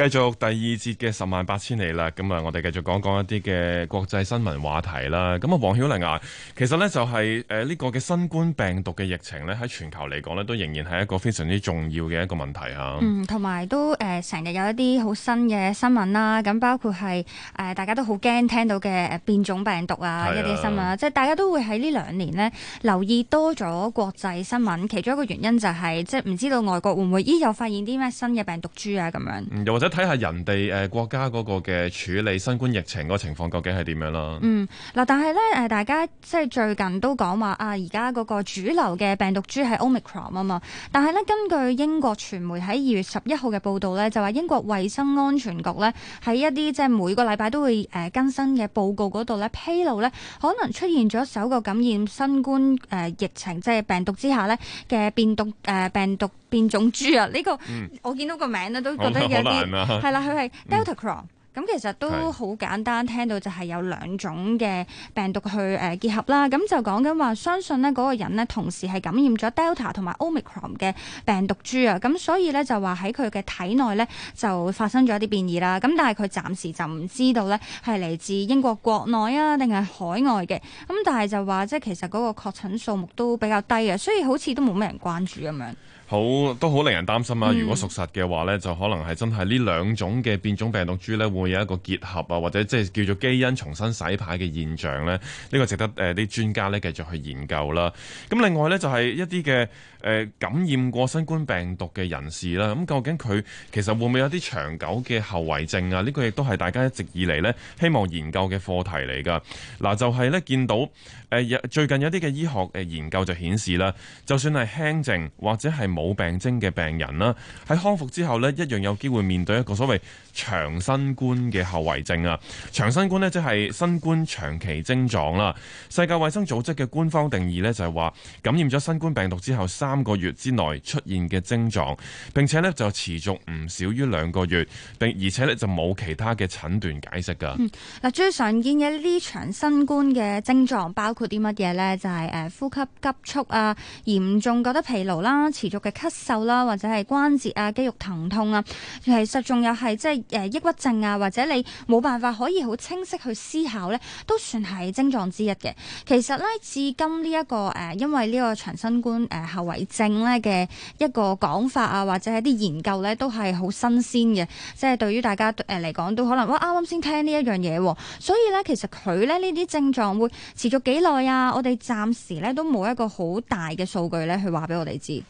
繼續第二節嘅十萬八千里啦，咁啊，我哋繼續講講一啲嘅國際新聞話題啦。咁啊，黃曉玲啊，其實呢就係誒呢個嘅新冠病毒嘅疫情呢，喺全球嚟講呢，都仍然係一個非常之重要嘅一個問題吓。同埋、嗯、都誒成日有一啲好新嘅新聞啦，咁包括係誒、呃、大家都好驚聽到嘅變種病毒啊一啲、啊、新聞啦，即係大家都會喺呢兩年呢留意多咗國際新聞，其中一個原因就係、是、即係唔知道外國會唔會依有發現啲咩新嘅病毒株啊咁樣。又、嗯、或者。睇下人哋誒國家嗰個嘅處理新冠疫情嗰個情況究竟係點樣啦？嗯，嗱，但係咧誒，大家即係最近都講話啊，而家嗰個主流嘅病毒株係 Omicron 啊、嗯、嘛。但係咧，根據英國傳媒喺二月十一號嘅報道咧，就話英國衞生安全局咧喺一啲即係每個禮拜都會誒更新嘅報告嗰度咧披露咧，可能出現咗首個感染新冠誒、呃、疫情即係病毒之下咧嘅變毒誒、呃、病毒變種株啊！呢、呢個、嗯、我見到個名咧都覺得有啲。係啦，佢係 Deltacron 咁其實都好簡單，聽到就係有兩種嘅病毒去誒結合啦。咁、嗯嗯、就講緊話，相信呢嗰個人呢，同時係感染咗 Delta 同埋 Omicron 嘅病毒株啊。咁、嗯、所以咧就話喺佢嘅體內咧就發生咗一啲變異啦。咁但係佢暫時就唔知道咧係嚟自英國國內啊定係海外嘅。咁但係就話即係其實嗰個確診數目都比較低啊，所以好似都冇咩人關注咁樣。嗯好都好令人擔心啊！如果屬實嘅話呢就可能係真係呢兩種嘅變種病毒株咧，會、會有一個結合啊，或者即係叫做基因重新洗牌嘅現象咧。呢、這個值得誒啲、呃、專家咧繼續去研究啦。咁另外呢，就係、是、一啲嘅誒感染過新冠病毒嘅人士啦。咁究竟佢其實會唔會有啲長久嘅後遺症啊？呢、這個亦都係大家一直以嚟呢希望研究嘅課題嚟㗎。嗱就係呢見到誒、呃、最近有啲嘅醫學誒研究就顯示啦，就算係輕症或者係冇。冇病徵嘅病人啦，喺康復之後呢，一樣有機會面對一個所謂長新冠嘅後遺症啊！長新冠呢，即係新冠長期症狀啦。世界衛生組織嘅官方定義呢，就係話，感染咗新冠病毒之後三個月之內出現嘅症狀，並且呢就持續唔少於兩個月，並而且呢就冇其他嘅診斷解釋噶。嗯，嗱最常見嘅呢場新冠嘅症狀包括啲乜嘢呢？就係誒呼吸急促啊，嚴重覺得疲勞啦，持續嘅。咳嗽啦，或者係關節啊、肌肉疼痛啊，其實仲有係即係誒抑鬱症啊，或者你冇辦法可以好清晰去思考呢，都算係症狀之一嘅。其實呢，至今呢、這、一個誒、呃，因為呢個長新冠誒後遺症呢嘅一個講法啊，或者係啲研究呢，都係好新鮮嘅，即係對於大家誒嚟講都可能哇啱啱先聽呢一樣嘢、哦，所以呢，其實佢咧呢啲症狀會持續幾耐啊？我哋暫時呢都冇一個好大嘅數據呢去話俾我哋知。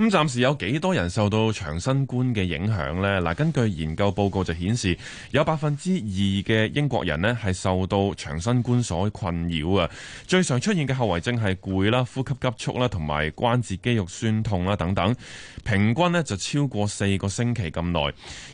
咁暫時有幾多人受到長新冠嘅影響呢？嗱，根據研究報告就顯示，有百分之二嘅英國人呢係受到長新冠所困擾啊。最常出現嘅後遺症係攰啦、呼吸急促啦、同埋關節肌肉酸痛啦等等。平均呢就超過四個星期咁耐。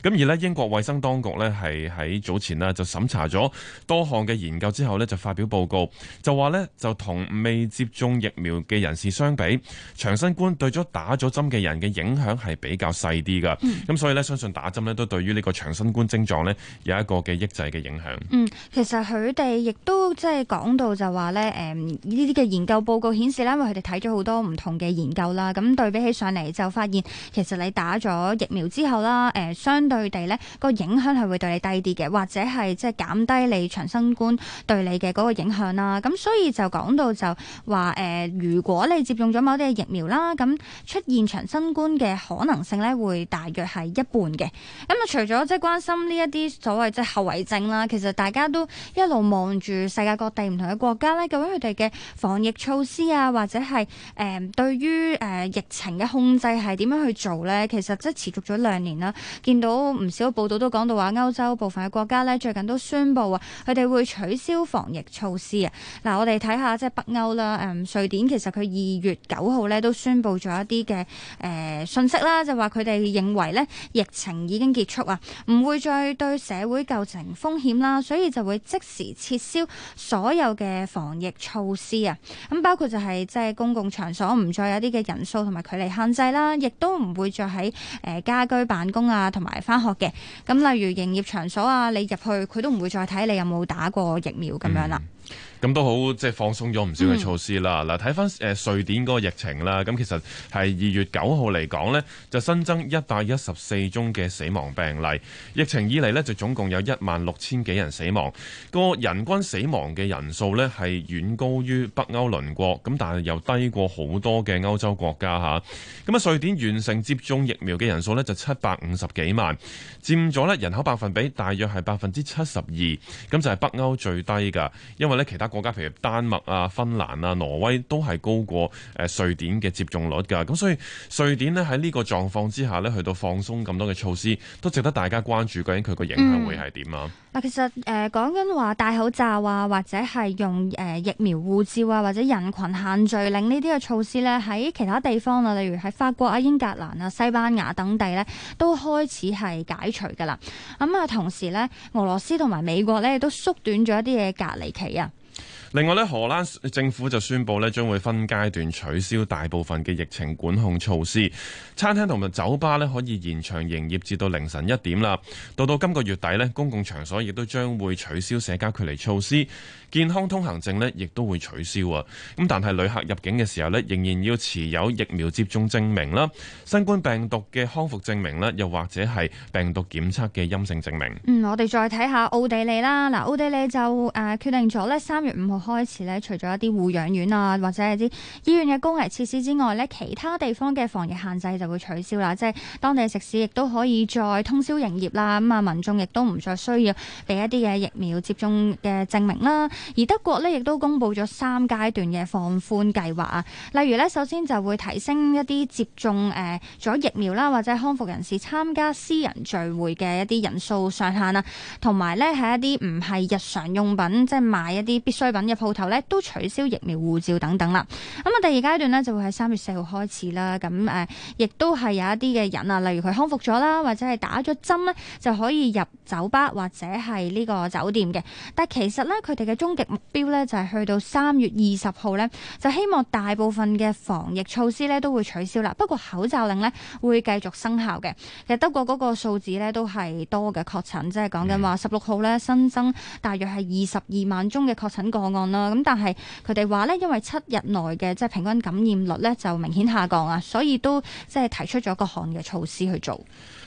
咁而呢，英國衛生當局呢係喺早前呢就審查咗多項嘅研究之後呢就發表報告，就話呢就同未接種疫苗嘅人士相比，長新冠對咗打咗。針嘅人嘅影響係比較細啲噶咁所以咧，相信打針咧都對於呢個長新冠症狀咧有一個嘅抑制嘅影響。嗯，其實佢哋亦都即係講到就話咧，誒呢啲嘅研究報告顯示啦，因為佢哋睇咗好多唔同嘅研究啦，咁對比起上嚟，就發現其實你打咗疫苗之後啦，誒相對地咧，個影響係會對你低啲嘅，或者係即係減低你長新冠對你嘅嗰個影響啦。咁所以就講到就話誒，如果你接種咗某啲嘅疫苗啦，咁出現長新冠嘅可能性呢，會大約係一半嘅。咁啊，除咗即係關心呢一啲所謂即係後遺症啦，其實大家都一路望住世界各地唔同嘅國家呢，究竟佢哋嘅防疫措施啊，或者係誒、呃、對於誒、呃、疫情嘅控制係點樣去做呢？其實即持續咗兩年啦，見到唔少報道都講到話，歐洲部分嘅國家呢，最近都宣布啊，佢哋會取消防疫措施啊。嗱、呃，我哋睇下即係北歐啦，誒、呃、瑞典其實佢二月九號呢都宣布咗一啲嘅。誒、呃，信息啦，就話佢哋認為咧，疫情已經結束啊，唔會再對社會構成風險啦，所以就會即時撤銷所有嘅防疫措施啊，咁包括就係、是、即係公共場所唔再有啲嘅人數同埋距離限制啦，亦都唔會再喺誒、呃、家居辦公啊，同埋返學嘅，咁、啊、例如營業場所啊，你入去佢都唔會再睇你有冇打過疫苗咁樣啦。嗯咁都好，即係放鬆咗唔少嘅措施啦。嗱，睇翻誒瑞典嗰個疫情啦，咁其實係二月九號嚟講咧，就新增一百一十四宗嘅死亡病例。疫情以嚟咧就總共有一萬六千幾人死亡，個人均死亡嘅人數咧係遠高於北歐鄰國，咁但係又低過好多嘅歐洲國家吓。咁啊，瑞典完成接種疫苗嘅人數咧就七百五十幾萬，佔咗咧人口百分比大約係百分之七十二，咁就係、是、北歐最低噶，因為。其他國家，譬如丹麥啊、芬蘭啊、挪威都係高過誒瑞典嘅接種率㗎，咁所以瑞典咧喺呢個狀況之下咧，去到放鬆咁多嘅措施，都值得大家關注。究竟佢個影響會係點啊？嗱、嗯，其實誒講緊話戴口罩啊，或者係用誒、呃、疫苗護照啊，或者人群限聚令呢啲嘅措施呢，喺其他地方啊，例如喺法國啊、英格蘭啊、西班牙等地呢，都開始係解除㗎啦。咁、嗯、啊，同時呢，俄羅斯同埋美國咧，都縮短咗一啲嘅隔離期啊。另外咧，荷蘭政府就宣布咧，將會分階段取消大部分嘅疫情管控措施，餐廳同埋酒吧咧可以延長營業至到凌晨一點啦。到到今個月底咧，公共場所亦都將會取消社交距離措施，健康通行證呢亦都會取消啊。咁但係旅客入境嘅時候呢，仍然要持有疫苗接種證明啦，新冠病毒嘅康復證明咧，又或者係病毒檢測嘅陰性證明。嗯，我哋再睇下奧地利啦。嗱，奧地利就誒、呃、決定咗呢三月五號。開始咧，除咗一啲護養院啊，或者係啲醫院嘅高危設施之外咧，其他地方嘅防疫限制就會取消啦。即係當地食肆亦都可以再通宵營業啦。咁啊，民眾亦都唔再需要俾一啲嘅疫苗接種嘅證明啦。而德國呢，亦都公布咗三階段嘅放寬計劃啊。例如呢，首先就會提升一啲接種誒咗、呃、疫苗啦，或者康復人士參加私人聚會嘅一啲人數上限啦。同埋咧，係一啲唔係日常用品，即係買一啲必需品鋪頭咧都取消疫苗護照等等啦。咁、嗯、啊，第二階段咧就會喺三月四號開始啦。咁、嗯、誒，亦都係有一啲嘅人啊，例如佢康復咗啦，或者係打咗針咧，就可以入酒吧或者係呢個酒店嘅。但其實呢，佢哋嘅終極目標呢，就係、是、去到三月二十號呢，就希望大部分嘅防疫措施咧都會取消啦。不過口罩令咧會繼續生效嘅。其實德國嗰個數字咧都係多嘅確診，即係講緊話十六號呢，新增大約係二十二萬宗嘅確診個案。咁但係佢哋話咧，因為七日內嘅即係平均感染率咧就明顯下降啊，所以都即係提出咗各項嘅措施去做。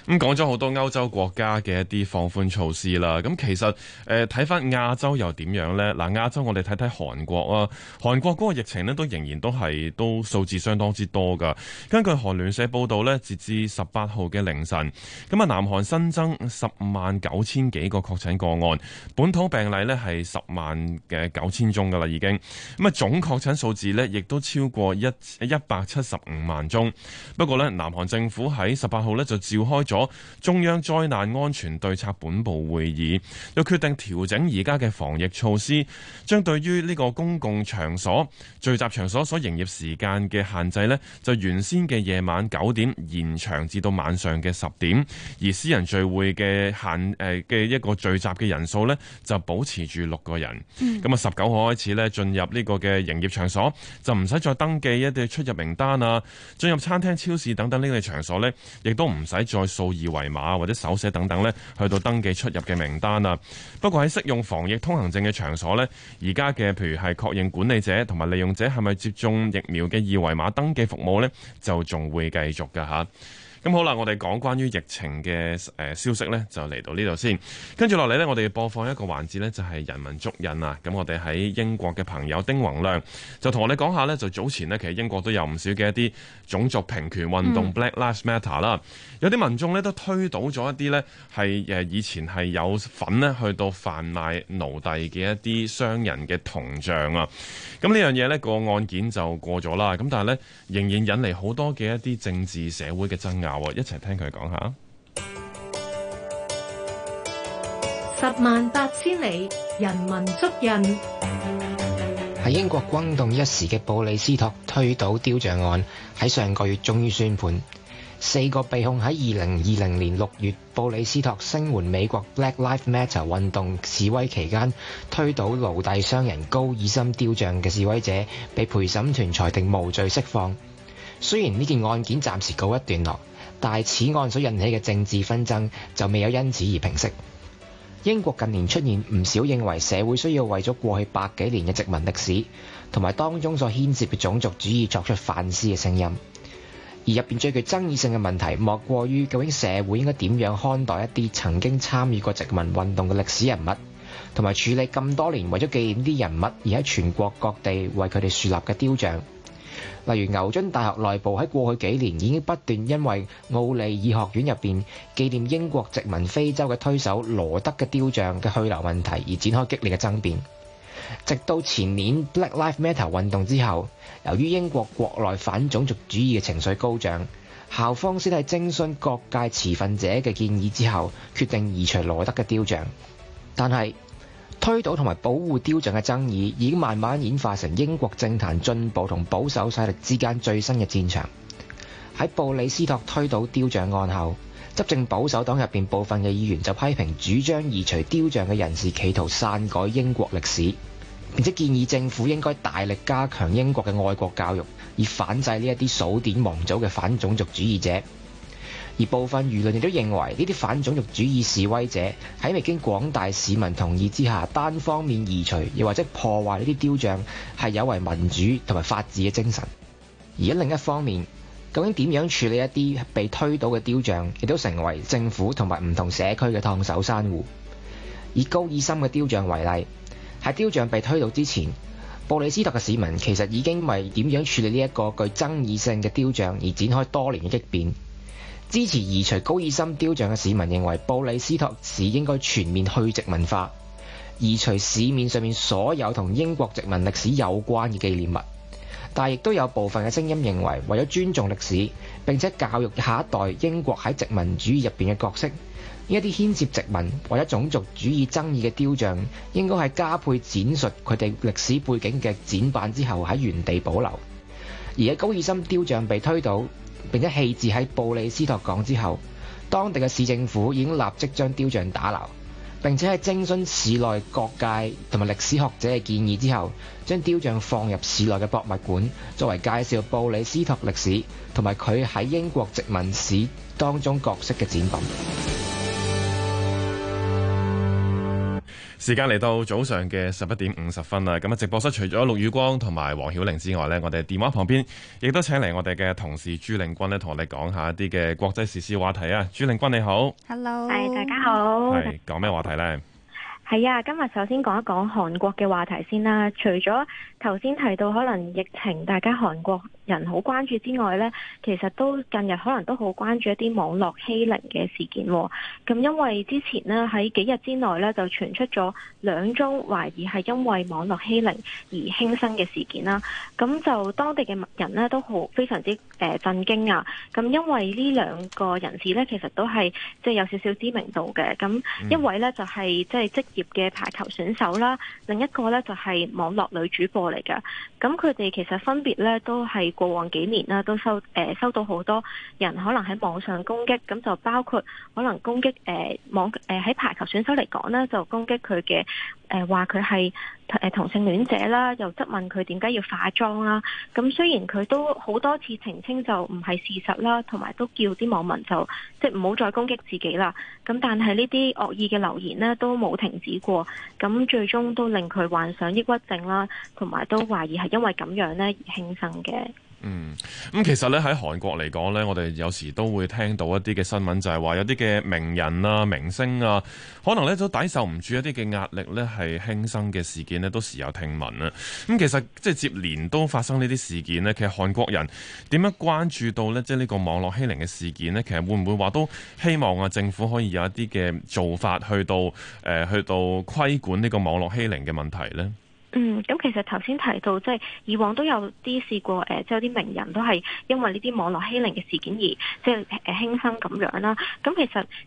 咁講咗好多歐洲國家嘅一啲放寬措施啦，咁其實誒睇翻亞洲又點樣咧？嗱，亞洲我哋睇睇韓國啊，韓國嗰個疫情咧都仍然都係都數字相當之多噶。根據韓聯社報道咧，截至十八號嘅凌晨，咁啊南韓新增十萬九千幾個確診個案，本土病例咧係十萬嘅九千宗噶啦已經，咁啊總確診數字咧亦都超過一一百七十五萬宗。不過咧，南韓政府喺十八號咧就召開咗。中央災難安全對策本部會議又決定調整而家嘅防疫措施，將對於呢個公共場所、聚集場所所營業時間嘅限制呢，就原先嘅夜晚九點延長至到晚上嘅十點，而私人聚會嘅限誒嘅一個聚集嘅人數呢，就保持住六個人。咁啊、嗯，十九號開始呢，進入呢個嘅營業場所就唔使再登記一啲出入名單啊，進入餐廳、超市等等呢個場所呢，亦都唔使再。做二維碼或者手寫等等咧，去到登記出入嘅名單啊。不過喺適用防疫通行證嘅場所咧，而家嘅譬如係確認管理者同埋利用者係咪接種疫苗嘅二維碼登記服務咧，就仲會繼續噶吓。咁好啦，我哋講關於疫情嘅，誒、呃、消息咧，就嚟到呢度先。跟住落嚟咧，我哋要播放一個環節咧，就係、是、人文足印啊！咁我哋喺英國嘅朋友丁宏量就同我哋講下咧，就早前咧，其實英國都有唔少嘅一啲種族平權運動、嗯、（Black Lives Matter） 啦。有啲民眾咧都推倒咗一啲咧係誒以前係有份咧去到販賣奴隸嘅一啲商人嘅銅像啊。咁呢樣嘢咧個案件就過咗啦。咁但係咧仍然引嚟好多嘅一啲政治社會嘅爭議。一齊聽佢講下。十萬八千里，人民足印。喺英國轟動一時嘅布里斯托推倒雕像案，喺上個月終於宣判。四個被控喺二零二零年六月布里斯托聲援美國 Black Lives Matter 運動示威期間推倒奴隸商人高爾森雕像嘅示威者，被陪審團裁定無罪釋放。雖然呢件案件暫時告一段落。但係此案所引起嘅政治紛爭就未有因此而平息。英國近年出現唔少認為社會需要為咗過去百幾年嘅殖民歷史同埋當中所牽涉嘅種族主義作出反思嘅聲音，而入邊最具爭議性嘅問題，莫過於究竟社會應該點樣看待一啲曾經參與過殖民運動嘅歷史人物，同埋處理咁多年為咗紀念啲人物而喺全國各地為佢哋樹立嘅雕像。例如牛津大學內部喺過去幾年已經不斷因為奧利爾學院入邊紀念英國殖民非洲嘅推手羅德嘅雕像嘅去留問題而展開激烈嘅爭辯，直到前年 Black Lives Matter 運動之後，由於英國國內反種族主義嘅情緒高漲，校方先係徵詢各界持份者嘅建議之後，決定移除羅德嘅雕像，但係，推倒同埋保護雕像嘅爭議已經慢慢演化成英國政壇進步同保守勢力之間最新嘅戰場。喺布里斯托推倒雕像案後，執政保守黨入邊部分嘅議員就批評主張移除雕像嘅人士企圖篡改英國歷史，並且建議政府應該大力加強英國嘅愛國教育，以反制呢一啲數典忘祖嘅反種族主義者。而部分輿論亦都認為呢啲反種族主義示威者喺未經廣大市民同意之下，單方面移除又或者破壞呢啲雕像，係有違民主同埋法治嘅精神。而喺另一方面，究竟點樣處理一啲被推倒嘅雕像，亦都成為政府同埋唔同社區嘅燙手山芋。以高爾森嘅雕像為例，喺雕像被推倒之前，布里斯托嘅市民其實已經為點樣處理呢一個具爭議性嘅雕像而展開多年嘅激辯。支持移除高爾森雕，雕像嘅市民認為，布里斯托市應該全面去殖文化，移除市面上面所有同英國殖民歷史有關嘅紀念物。但亦都有部分嘅聲音認為，為咗尊重歷史並且教育下一代英國喺殖民主義入面嘅角色，呢一啲牽涉殖民或者種族主義爭議嘅雕像，應該係加配展述佢哋歷史背景嘅展板之後喺原地保留。而喺高爾森雕像被推倒，並且棄置喺布里斯托港之後，當地嘅市政府已經立即將雕像打撈。並且喺徵詢市內各界同埋歷史學者嘅建議之後，將雕像放入市內嘅博物館，作為介紹布里斯托歷史同埋佢喺英國殖民史當中角色嘅展品。時間嚟到早上嘅十一點五十分啦，咁啊直播室除咗陸宇光同埋黃曉玲之外呢，我哋電話旁邊亦都請嚟我哋嘅同事朱令筠呢，同我哋講下一啲嘅國際時事話題啊。朱令筠你好。Hello，係大家好，係講咩話題呢？係啊，今日首先講一講韓國嘅話題先啦。除咗頭先提到可能疫情，大家韓國。人好關注之外呢，其實都近日可能都好關注一啲網絡欺凌嘅事件。咁因為之前呢，喺幾日之內呢，就傳出咗兩宗懷疑係因為網絡欺凌而輕生嘅事件啦。咁就當地嘅人呢，都好非常之誒震驚啊。咁因為呢兩個人士呢，其實都係即係有少少知名度嘅。咁一位呢，就係即係職業嘅排球選手啦，另一個呢，就係網絡女主播嚟嘅。咁佢哋其實分別呢，都係，過往幾年啦，都收誒、呃、收到好多人可能喺網上攻擊，咁就包括可能攻擊誒、呃、網誒喺、呃、排球選手嚟講呢，就攻擊佢嘅誒話佢係誒同性戀者啦，又質問佢點解要化妝啦。咁雖然佢都好多次澄清就唔係事實啦，同埋都叫啲網民就即係唔好再攻擊自己啦。咁但係呢啲惡意嘅留言呢都冇停止過，咁最終都令佢患上抑鬱症啦，同埋都懷疑係因為咁樣呢而輕生嘅。嗯，咁其實咧喺韓國嚟講咧，我哋有時都會聽到一啲嘅新聞，就係話有啲嘅名人啊、明星啊，可能咧都抵受唔住一啲嘅壓力咧，係輕生嘅事件咧都時有聽聞啊。咁其實即係接連都發生呢啲事件咧，其實韓國人點樣關注到咧，即係呢個網絡欺凌嘅事件咧，其實會唔會話都希望啊政府可以有一啲嘅做法去到誒去到規管呢個網絡欺凌嘅問題咧？嗯，咁、嗯、其實頭先提到，即、就、係、是、以往都有啲試過誒即係有啲名人都係因為呢啲網絡欺凌嘅事件而即係誒輕生咁樣啦。咁、嗯、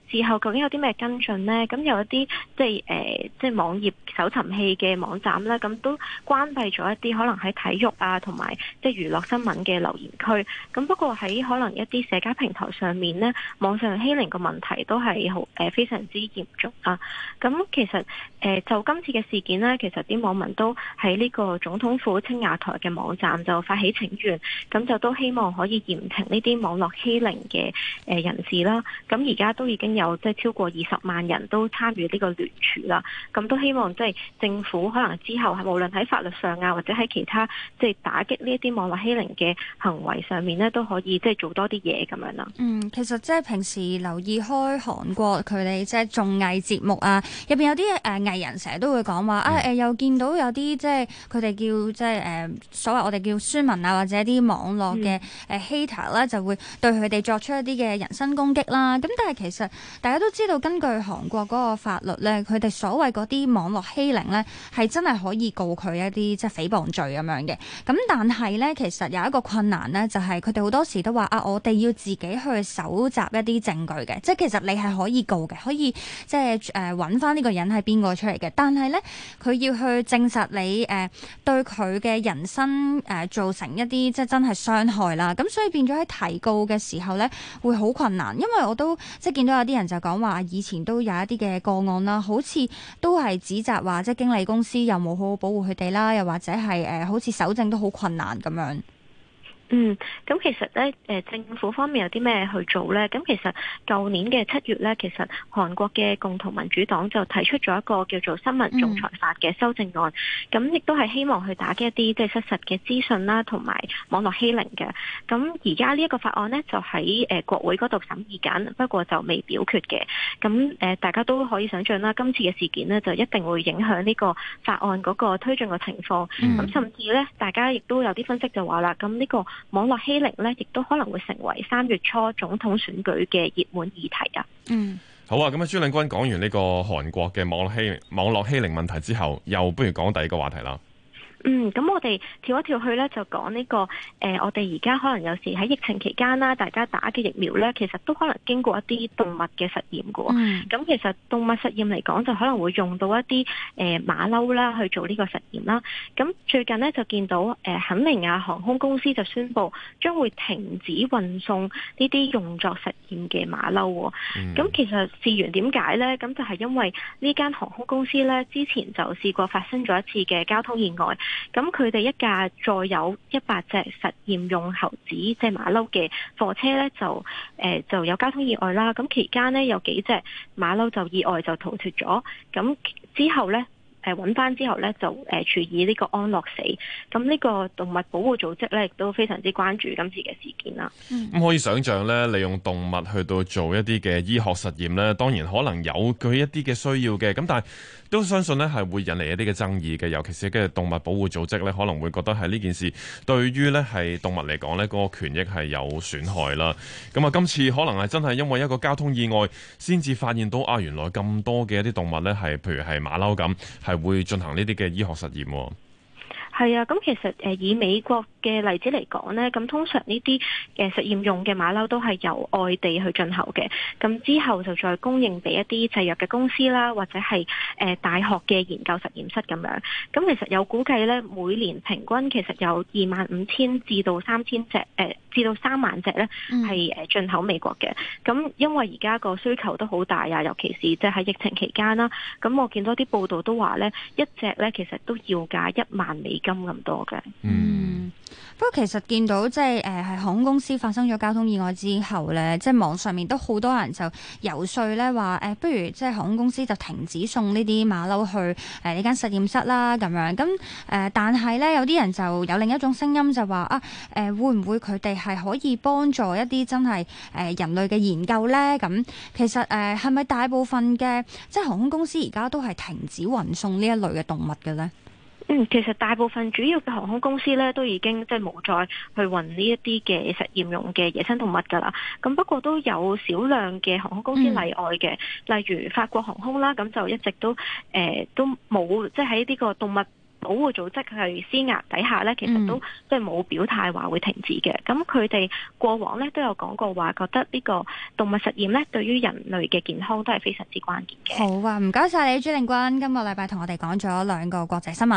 其實事後究竟有啲咩跟進咧？咁、嗯、有一啲即係誒、呃、即係網頁搜尋器嘅網站咧，咁、嗯、都關閉咗一啲可能喺體育啊，同埋即係娛樂新聞嘅留言區，咁、嗯、不過喺可能一啲社交平台上面咧，網上欺凌嘅問題都係好誒非常之嚴重啊。咁其實誒就今次嘅事件咧，其實啲、呃、網民都。喺呢個總統府青瓦台嘅網站就發起請願，咁就都希望可以嚴懲呢啲網絡欺凌嘅誒人士啦。咁而家都已經有即係超過二十萬人都參與呢個聯署啦。咁都希望即係政府可能之後係無論喺法律上啊，或者喺其他即係打擊呢一啲網絡欺凌嘅行為上面呢，都可以即係做多啲嘢咁樣啦。嗯，其實即係平時留意開韓國佢哋即係綜藝節目啊，入邊有啲誒、呃、藝人成日都會講話啊誒、呃，又見到有啲。啲即係佢哋叫即係誒、呃、所謂我哋叫酸民啊，或者啲網絡嘅誒 hater 咧，就會對佢哋作出一啲嘅人身攻擊啦。咁但係其實大家都知道，根據韓國嗰個法律咧，佢哋所謂嗰啲網絡欺凌咧，係真係可以告佢一啲即係誹謗罪咁樣嘅。咁但係咧，其實有一個困難咧，就係佢哋好多時都話啊，我哋要自己去搜集一啲證據嘅，即係其實你係可以告嘅，可以即係誒揾翻呢個人係邊個出嚟嘅。但係咧，佢要去證實。你誒、呃、對佢嘅人生誒、呃、造成一啲即係真係傷害啦，咁所以變咗喺提告嘅時候咧，會好困難，因為我都即係見到有啲人就講話以前都有一啲嘅個案啦，好似都係指責話即係經理公司有冇好好保護佢哋啦，又或者係誒、呃、好似搜證都好困難咁樣。嗯，咁、哎、其實咧，誒、呃、政府方面有啲咩去做呢？咁其實舊年嘅七月呢，其實韓國嘅共同民主黨就提出咗一個叫做新聞仲裁法嘅修正案，咁亦都係希望去打擊一啲即係失實嘅資訊啦，同埋網絡欺凌嘅、嗯。咁而家呢一個法案呢，就喺誒國會嗰度審議緊，不過就未表決嘅。咁誒，大家都可以想象啦，今次嘅事件呢，就一定會影響呢個法案嗰個推進嘅情況。咁、嗯、甚至呢，大家亦都有啲分析就話啦，咁呢、呢個。網絡欺凌咧，亦都可能會成為三月初總統選舉嘅熱門議題啊。嗯，好啊，咁啊，朱令筠講完呢個韓國嘅網絡欺網絡欺凌問題之後，又不如講第二個話題啦。嗯，咁我哋跳一跳去咧，就講呢，這個誒、呃，我哋而家可能有時喺疫情期間啦，大家打嘅疫苗咧，其實都可能經過一啲動物嘅實驗噶喎。咁、嗯、其實動物實驗嚟講，就可能會用到一啲誒馬騮啦去做呢個實驗啦。咁、嗯、最近咧就見到誒、呃、肯尼亞航空公司就宣布將會停止運送呢啲用作實驗嘅馬騮。咁、嗯、其實事緣點解咧？咁就係因為呢間航空公司咧之前就試過發生咗一次嘅交通意外。咁佢哋一架載有一百隻實驗用猴子即係馬騮嘅貨車咧，就誒、就，呃、就有交通意外啦。咁期間咧，有幾隻馬騮就意外就逃脫咗。咁之後咧。誒揾翻之後咧，就誒處以呢個安樂死。咁呢個動物保護組織咧，亦都非常之關注今次嘅事件啦。咁、嗯嗯、可以想像咧，利用動物去到做一啲嘅醫學實驗咧，當然可能有佢一啲嘅需要嘅。咁但係都相信咧，係會引嚟一啲嘅爭議嘅。尤其是嘅動物保護組織咧，可能會覺得係呢件事對於咧係動物嚟講咧，嗰個權益係有損害啦。咁啊，今次可能係真係因為一個交通意外先至發現到啊，原來咁多嘅一啲動物咧，係譬如係馬騮咁。係會進行呢啲嘅醫學實驗喎，係啊，咁其實誒以美國嘅例子嚟講呢咁通常呢啲嘅實驗用嘅馬騮都係由外地去進口嘅，咁之後就再供應俾一啲製藥嘅公司啦，或者係誒大學嘅研究實驗室咁樣。咁其實有估計呢，每年平均其實有二萬五千至到三千隻，誒至到三萬隻呢係誒進口美國嘅。咁因為而家個需求都好大啊，尤其是即喺疫情期間啦。咁我見到啲報道都話呢，一隻呢其實都要價一萬美金咁多嘅。嗯。不過其實見到即係誒，係、呃、航空公司發生咗交通意外之後咧，即係網上面都好多人就游說咧話，誒、呃，不如即係航空公司就停止送呢啲馬騮去誒呢、呃、間實驗室啦，咁樣咁誒、呃。但係咧有啲人就有另一種聲音就話啊，誒、呃，會唔會佢哋係可以幫助一啲真係誒、呃、人類嘅研究咧？咁其實誒係咪大部分嘅即係航空公司而家都係停止運送呢一類嘅動物嘅咧？嗯、其實大部分主要嘅航空公司咧，都已經即係冇再去運呢一啲嘅實驗用嘅野生動物噶啦。咁不過都有少量嘅航空公司例外嘅，嗯、例如法國航空啦，咁就一直都誒、呃、都冇即係喺呢個動物保護組織去施壓底下咧，其實都即係冇表態話會停止嘅。咁佢哋過往咧都有講過話，覺得呢個動物實驗咧對於人類嘅健康都係非常之關鍵嘅。好啊，唔該晒你朱令筠，今個禮拜同我哋講咗兩個國際新聞。